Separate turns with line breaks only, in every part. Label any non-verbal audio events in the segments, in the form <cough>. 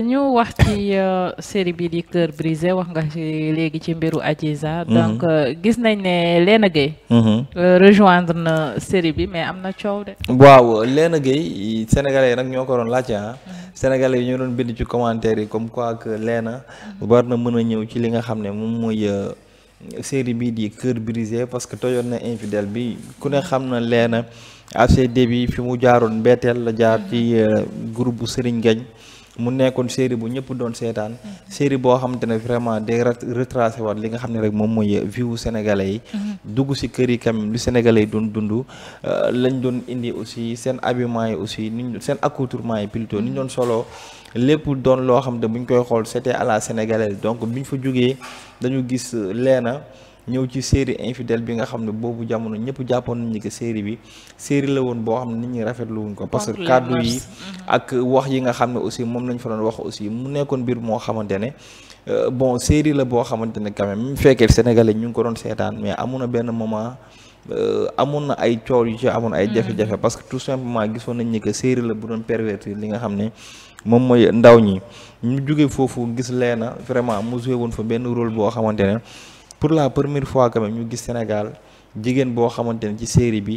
ñu wax ci euh, série bi di Cœur brisé wax nga ci léegi ci mbiru Adjiza mhm. donc euh, gis nañ ne Léna Gueye mhm. euh, rejoindre na série bi mais am na coow de
waaw Léna Gueye sénégalais yi nag ñoo ko doon laajte ah mhm. sénégalais yi ñoo doon bind ci commentaire yi comme quoi que Léna war na mën a ñëw ci li nga xam ne moom mooy série bii di Cœur brisé parce que tojoon na infidèle bi ku ne xam na Léna à ses débuts fi mu jaaroon mbetteel la jaar ci groupe bu Serigne Gagne mu nekkoon série bu ñëpp doon seetaan série boo xamante ne vraiment day retracé waat li nga xam ne rek moom mooy viwu sénégalais yi dugg si kër yi quand même lu sénégalais yi doon dund euh, lañ doon indi aussi seen habillement yi aussi niñ seen accoutrement yi plutôt niñ doon solo lépp doon loo xam ne bu ñu koy xool c'était à la donc bi ñu fa jógee dañu gis euh, leena ñëw ci série infidèle bi nga xam ne boobu jamono ñëpp jàppoon nañ que série bi série la woon boo xam ne nit ñi rafetlu wuñ ko parce que kàddu yi mhm. ak wax yi nga xam ne aussi moom lañ fa doon wax aussi mu nekkoon mbir moo xamante ne euh, bon série la boo xamante ne quand même fekkee sénégalais ñu ngi ko doon seetaan mais amoon na benn moment euh, amoon na ay coow yu ci amoon ay mhm. jafe parce que tout simplement gisoon nañ ni que série la bu doon pervertir li nga xam ne moom mooy ndaw ñi ñu juge foofu gis leena vraiment mu woon fa benn rôle boo xamante ne pour la première fois quand même ñu gis Sénégal jigéen boo xamante ne ci série bi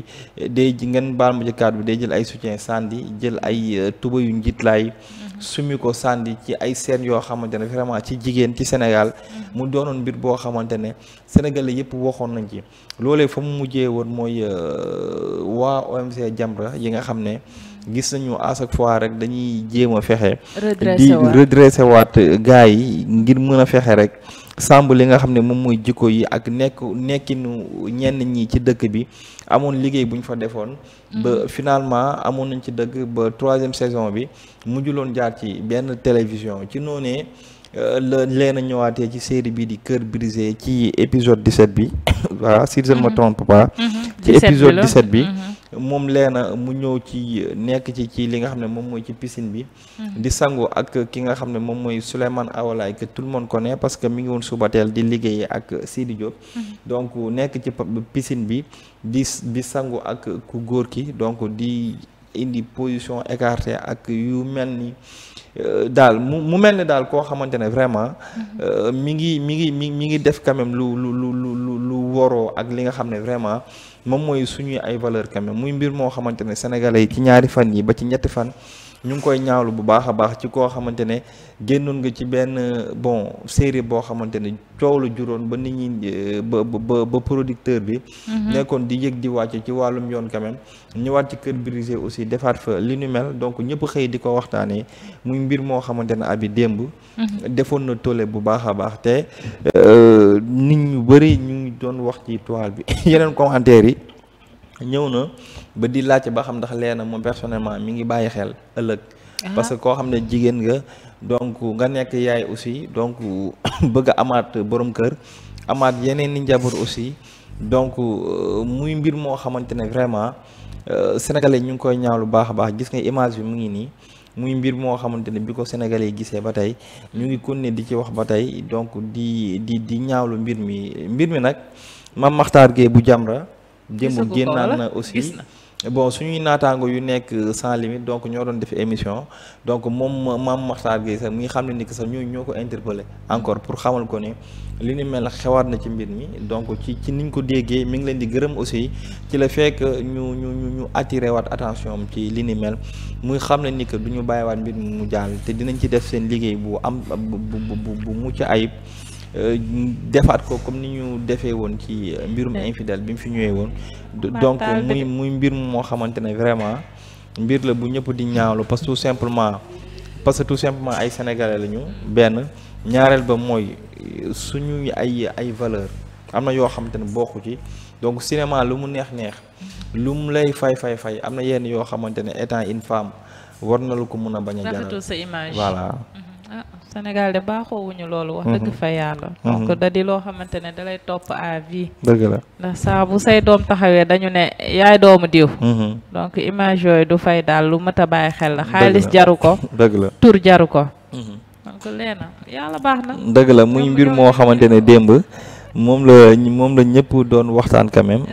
day ngeen baal ma ci bi day jël ay soutien sandi jël ay euh, tuba yu njiitlaay mhm. sumi ko sandi ci ay seen yoo xamante ne vraiment ci jigéen ci Sénégal mhm. mu doonoon mbir boo xamante ne sénégalais yëpp waxoon nañ ci loolee fa mu mujjee woon mooy euh, waa OMC Jamra yi nga xam ne gis nañu à fois rek dañuy jéem a fexe di redressé waat yi ngir mën a fexe rek sàmb li nga xam ne moom mooy jikko yi ak nekk nekkinu ñenn ñi ci dëkk bi amoon liggéey bu ñu fa defoon mm-hmm. ba finalement amoon nañ ci dëgg ba troisième saison bi mujjuloon jaar ci benn télévision ci noonee la leen a ñëwaatee ci série bi di kër brisé ci épisode 17 bi <coughs> voilà si je ne me mhm. trompe pas mhm. ci épisode 17 bi mhm. moom leena mu ñëw ci euh, nekk ci ci li nga xam ne moom mooy ci piscine bi di sangu ak ki nga xam ne moom mooy Souleymane Awalaay que tout le monde connaît parce que mi ngi woon subateel di liggéey ak Sidi Diop donc nekk ci piscine bi di di sangu ak ku góor ki donc di indi position écartée ak yu mel ni euh, daal mu mu mel ni daal koo xamante ne vraiment mhm. euh, mi ngi mi ngi mi mi ngi def quand lu lu lu lu lu lu waroo ak li nga xam ne vraiment moom mooy suñuy ay valeur quand muy mbir moo xamante ne sénégalais yi ci ñaari fan yi ba ci ñetti fan ñu ngi koy ñaawlu bu baax a baax ci koo xamante ne génnoon nga ci benn bon série boo xamante ne coow la juróon ba nit ñi ba ba ba producteur bi. Mhm. nekkoon di yëg di wàcc ci wàllum yoon quand même. ñëwaat ci Cœur brisé aussi defaat fa li nu mel donc ñëpp xëy di ko waxtaanee muy mbir moo xamante ne abi démb. Mhm. defoon na tollé bu baax a baax te euh, nit ñu bëri ñu ngi doon wax ci toile bi <laughs> yeneen commentaire yi. ñëw na ba di laajte ba xam ndax leena moom personnellement mi ngi bàyyi xel ëllëg. Ah. parce que koo xam ne jigéen nga. donc nga nekk yaay aussi donc <coughs> bëgg a amaat borom kër amaat yeneen i njaboot aussi donc euh, muy mbir moo xamante ne vraiment euh, sénégalais ñu ngi koy ñaaw lu baax a baax gis nga image bi mu ngi nii. muy mbir moo xamante ne bi ko sénégalais gisee ba tey ñu ngi continuer di ci wax ba tey donc di di di ñaawlu mbir mi mbir mi nag Mame Makhtar Gueye bu Jamra démb génnaan na aussi bon suñuy naataango yu nekk sans limite donc ñoo doon def émission donc moom maam Makhtar Gueye sax mi nga xam ne ni sax ñoo ñoo ko interpellé encore pour xamal ko ni li ni mel xewaat na ci mbir mi donc ci ci niñ ko déggee mi ngi leen di gërëm aussi ci la fekk ñu ñu ñu ñu attiré waat attention am ci li ni mel muy xam ne ni que du ñu bàyyiwaat mbir mi mu jàll te dinañ ci def seen liggéey bu am bu bu bu mucc ayib. Euh, defaat ko comme ni ñu defee woon ci euh, mbirum infidèle bi mu fi ñëwee woon donc muy muy mbir moo xamante ne vraiment mbir la bu ñëpp di ñaawlu parce que tout simplement parce que tout simplement ay sénégalais lañu benn ñaareel ba mooy euh, suñuy ay ay valeur am na yoo xamante ne bokku ci donc cinéma lu mu neex neex lu mu lay fay fay fay am na yenn yoo xamante ne étant une femme war na lu ko mun a bañ a jaral voilà
mm-hmm. Sénégal de baaxoowuñu loolu wax dëgg mhm. fa yàlla mhm. donc da di loo xamante ne da lay topp à vie dëgg la ndax saa bu say doom taxawee dañu ne yaay doomu diw mhm. donc image yooyu du fay daal lu mët a xel la xaalis jaru ko <laughs> dëgg la
tur jaru ko
donc leena yàlla baax na dëgg la
muy mbir moo xamante ne démb moom la moom la ñëpp doon waxtaan quand même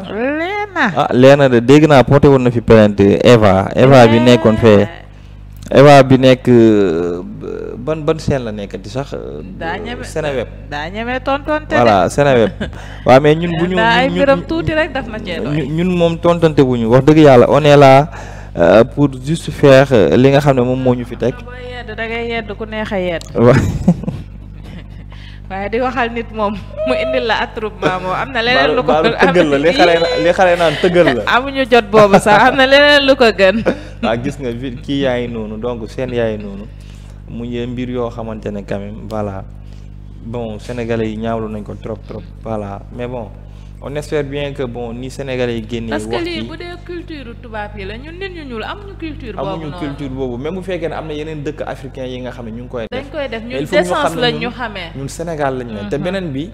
leena ah,
leena de dégg naa porté woon na fi plainte Eva Eva bi nekkoon fee Eva bi nekk euh, ban ban seen la nekkati sax. daa ñeme euh, Seneweb daa mais ñun bu ñu ay mbiram
tuuti rek daf na cee
ñun moom tontonte bu ñu wax dëgg yàlla on est là euh, pour juste faire li nga xam ne moom moo ñu fi teg. booy yedd
da ngay ku neex yedd.
<laughs>
waaye di waxal nit moom <laughs> mu indil la attroupement moom am na leneen lu ko
tëggal la <laughs> li xale naan tëggal la
amuñu jot boobu sax am na leneen lu ko gën
waaw <laughs> ah, gis nga vi kii yaay noonu donc seen yaay noonu mu ngee mbir yoo xamante ne quand même voilà bon sénégalais yi ñaawlu nañ ko trop trop voilà mais bon on espère bien que bon ni Sénégalais yi génnee. wax parce bu
dee culture tubaab yi la ñun nit ñu ñuul amuñu culture. amuñu culture
boobu même bu fekkee ne am na yeneen dëkk africain yi nga xam ne ñu ngi koy. def dañ koy def ñun décence la ñu xamee ñun Sénégal te mhm. beneen bi.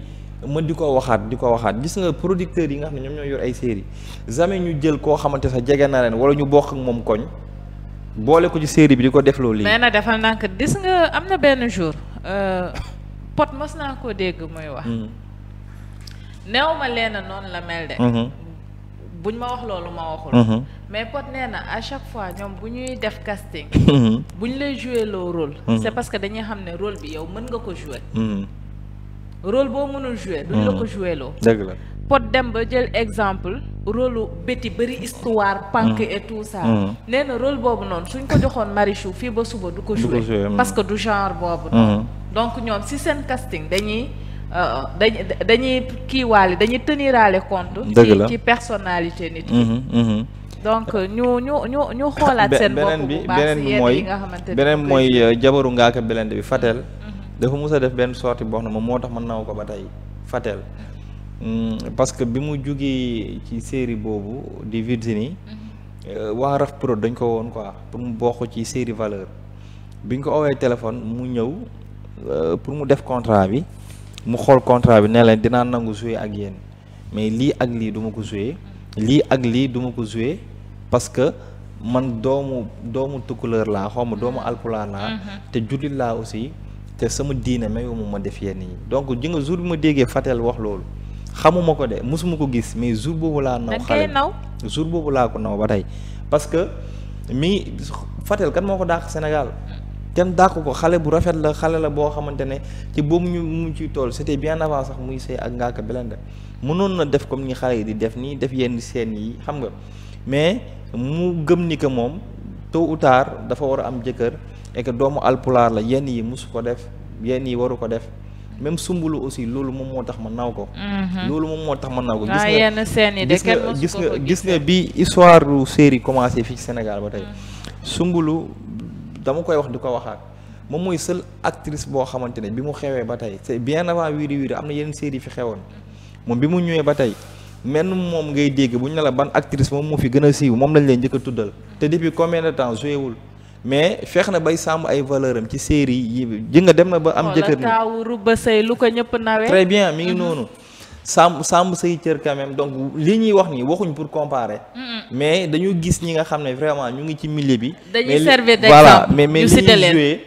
mën di ko waxaat di ko waxaat gis nga producteurs yi nga xam ne ñoom ñoo yor ay série jamais ñu jël koo xamante sa jege na leen wala ñu bokk ak moom koñ boole ko ci série bi di ko def loolu. mais
na defal naa gis nga am na benn jour euh, pot mos naa koo wax. Mhm. néew ma leen noonu la mel de. Mhm. buñ ma wax loolu ma waxul. Mhm. mais Pod nee na à chaque fois ñoom bu ñuy def casting. Mhm. buñ lay jouer loo rôle. c'est parce que dañuy xam ne rôle bi yow mën nga ko jouer. rôle boo mënul jouer. duñ la ko jouer loo. dëgg la dem ba jël exemple rôle béti bëri histoire. pànk et tout ça. nee rôle boobu noonu suñ ko joxoon Marichou fii ba suba du ko jouer. parce que du genre boobu. donc ñoom si seen casting dañuy. Euh, euh, dañuy dañuy kiiwaale dañuy teniraale compte. dëgg la ci ci personnalité nit ki.
Mhm, mhm.
donc ñu ñu ñu ñu xoolaat seen bopp bu baax beneen bi mooy beneen mooy
euh, jabaru ngaaka belende bi Fatel. Mhm. dafa mus a def benn sortie boo xam ne moom moo tax mën naw ko ba tey Fatel. Mm, parce que bi mu jógee ci série boobu di Virginie. waa Raf Pro dañ ko woon quoi pour mu bokk ci série valeur. bi ñu ko owee téléphone mu ñëw pour mu def contrat bi. mu xool contrat bi nee leen dinaa nangu jouer ak yéen mais lii ak lii duma ko jouer lii ak lii duma ko jouer parce que man doomu doomu tukkuleur laa xaw ma doomu mm-hmm. alpulaar laa mm-hmm. te jullit laa aussi te sama diine mayu mu ma def yenn yi donc ji nga jour bi ma déggee Fatel wax loolu xamuma ko de mosuma ko gis mais jour boobu laa naw xale jour boobu laa ko naw ba tey parce que mi Fatel kan moo ko dàq Sénégal kenn dàq ko xale bu rafet la xale la boo xamante ne ci boobu ñu mu ci tool c'était bien avant sax muy sëy ak Ngaaka Blindé mënoon na def comme ni xale yi di def nii def yenn seen yi xam nga mais mu gëm ni que moom tôt ou dafa war a am jëkkër et doomu alpulaar la yenn yi musu ko def yenn yi waru ko def même sumbulu aussi loolu moom moo tax ma naw ko. Mhm. loolu moom moo tax ma naw ko. gis ah, nga gis nga gis nga gis nga bi histoire série commencé fii ci dama koy wax di ko waxaat moom mooy seule actrice boo xamante ne bi mu xewee ba tey c'est bien na avant wiiri wiiri am na yeneen série fi xewoon moom bi mu ñëwee ba tey menn moom ngay dégg bu ñu ne la ban actrice moom moo fi gën a siiw moom lañ leen njëkk tuddal te depuis combien de temps joué wul mais feex na bay sàmm ay valeur am ci série yi ji nga dem na ba am jëkkër
ni lu ko ñëpp nawee très bien mi ngi mhm. noonu
sàmm sàmm say cër quand même donc li ñuy wax nii waxuñ pour comparer. mais dañu gis ñi nga xam ne vraiment ñu ngi ci milieu bi. dañuy servir d'exemple voilà mais mais li ñuy joué.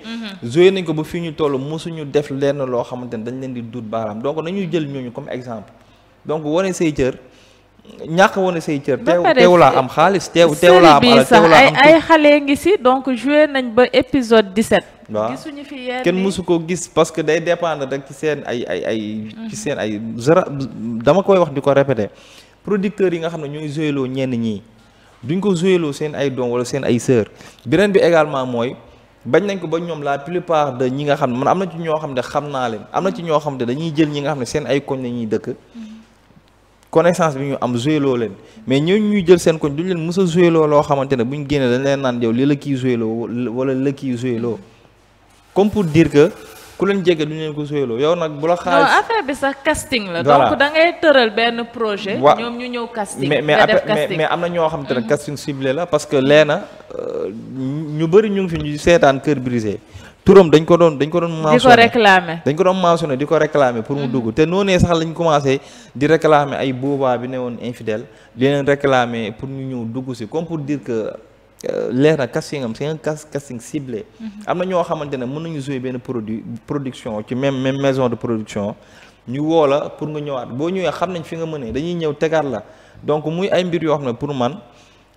joué mm-hmm. nañ ko ba fii ñu toll mosuñu def lenn loo xamante ne dañ leen di duut baaraam donc nañuy jël ñooñu comme exemple donc wane say cër. ñàkk woon na say cër. teew teew laa am xaalis teew teew laa am. alal teew laa am ay
ay ngi si donc joué nañ ba épisode di set gisuñu fi yenn kenn mësu
ko gis parce que day dépendre rek ci seen ay ay ay. Mhm. ci seen ay zara dama koy wax di ko répété. producteurs yi nga xam ne ñooy jouéloo ñenn ñi duñ ko jouéloo seen ay doom wala seen ay sœur beneen bi également mooy. bañ nañ ko ba ñoom la plupart de ñi nga xam ne man am na ci ñoo xam ne xam naa leen am na ci ñoo xam ne dañuy jël ñi nga xam ne seen ay koñ la ñuy dëkk. Mhm. connaissance bi ñu am joué loo leen mais ñooñu ñuy jël seen koñ duñ leen mës a joué loo loo xamante ne bu ñu génnee dañ leen naan yow li la kii joué loo wala la kii joué loo comme pour dire que ku leen jege du ñu leen ko suyaloo yow nag bu la xaalis. non
affaire bi sax casting la. donc da ngay tëral benn projet. ñoom ñu ñëw casting. mais mais mais
am na ñoo xam te ne mhm. casting ciblé la parce que lee na euh, ñu bëri ñu ngi fi ñu seetaan cœur brisé. turam dañ ko doon dañ ko doon mentionné di ko réclamer dañ ko doon mentionné di ko réclamer pour mu mhm. dugg te noonee sax lañ commencé di réclamer ay boobaa bi ne woon infidèle di leen réclamer pour ñu ñëw dugg si comme pour dire que. leer na casting am c'est un casting ciblé. Mhm. am na ñoo xamante ne mën nañu jouer benn produit production ci même même maison de production ñu woo la pour nga ñëwaat boo ñëwee xam nañ fi nga mënee dañuy ñëw tegaat la donc muy ay mbir yoo xam ne pour man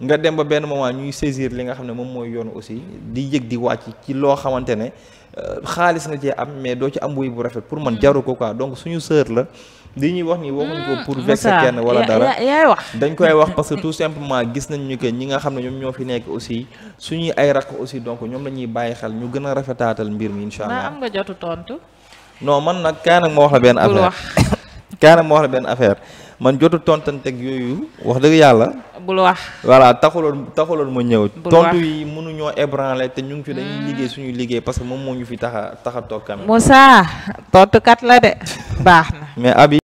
nga dem ba benn moment ñuy saisir li nga xam ne moom mooy yoon aussi di yëg di wàcc ci loo xamante ne euh, xaalis nga cee am mais doo ci am wuy bu rafet pour man mhm. jaru ko quoi donc suñu sœur la. li ñuy wax ni waxuñ ko pour mm. vexer kenn wala dara yaay wax dañ koy wax parce tout simplement gis nañ ñu que ñi nga xam ne ñoom ñoo fi nekk aussi suñuy ay rakk aussi donc ñoom la ñuy bàyyi xel ñu gën a rafetaatal mbir mi incha allah
am nga jotu tontu.
non man nag kaa nag wax la benn affaire <laughs> kaa nag ma wax la benn affaire man jotu tontanteeg yooyu wax dëgg yàlla. bul wax voilà taxuloon taxuloon ma ñëw. tontu yi mënuñoo ébranler te ñu ngi fi dañuy mm. liggéey suñuy liggéey parce que moom moo ñu fi tax a
tax a
mais abi